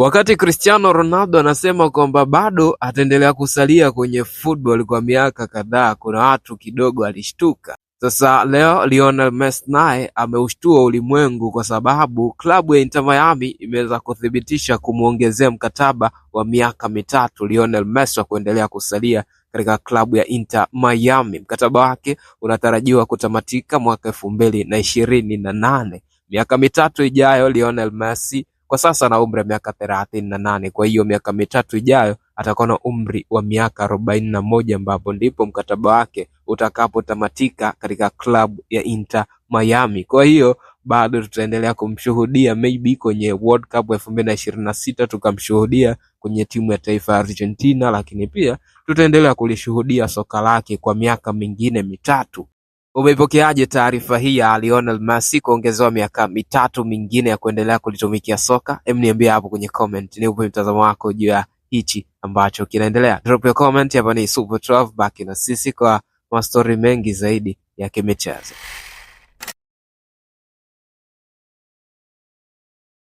wakati cristiano ronaldo anasema kwamba bado ataendelea kusalia kwenye football kwa miaka kadhaa kuna watu kidogo alishtuka sasa leo Lionel Messi naye ameushtua ulimwengu kwa sababu klabu ya Inter Miami imeweza kuthibitisha kumwongezea mkataba wa miaka mitatu Lionel Messi wa kuendelea kusalia katika klabu ya Inter Miami. Mkataba wake unatarajiwa kutamatika mwaka elfu mbili na ishirini na nane. Miaka mitatu ijayo Lionel Messi kwa sasa ana umri wa miaka thelathini na nane kwa hiyo miaka mitatu ijayo atakuwa na umri wa miaka arobaini na moja ambapo ndipo mkataba wake utakapotamatika katika klabu ya Inter Miami. Kwa hiyo bado tutaendelea kumshuhudia maybe kwenye World Cup elfu mbili na ishirini na sita tukamshuhudia kwenye timu ya taifa ya Argentina, lakini pia tutaendelea kulishuhudia soka lake kwa miaka mingine mitatu. Umeipokeaje taarifa hii ya Lionel Messi kuongezewa miaka mitatu mingine ya kuendelea kulitumikia soka? Hem, niambia hapo kwenye comment, ni upe mtazamo wako juu ya hichi ambacho kinaendelea. Drop your comment hapa. Ni Super 12 back na sisi kwa mastori mengi zaidi ya kimichezo.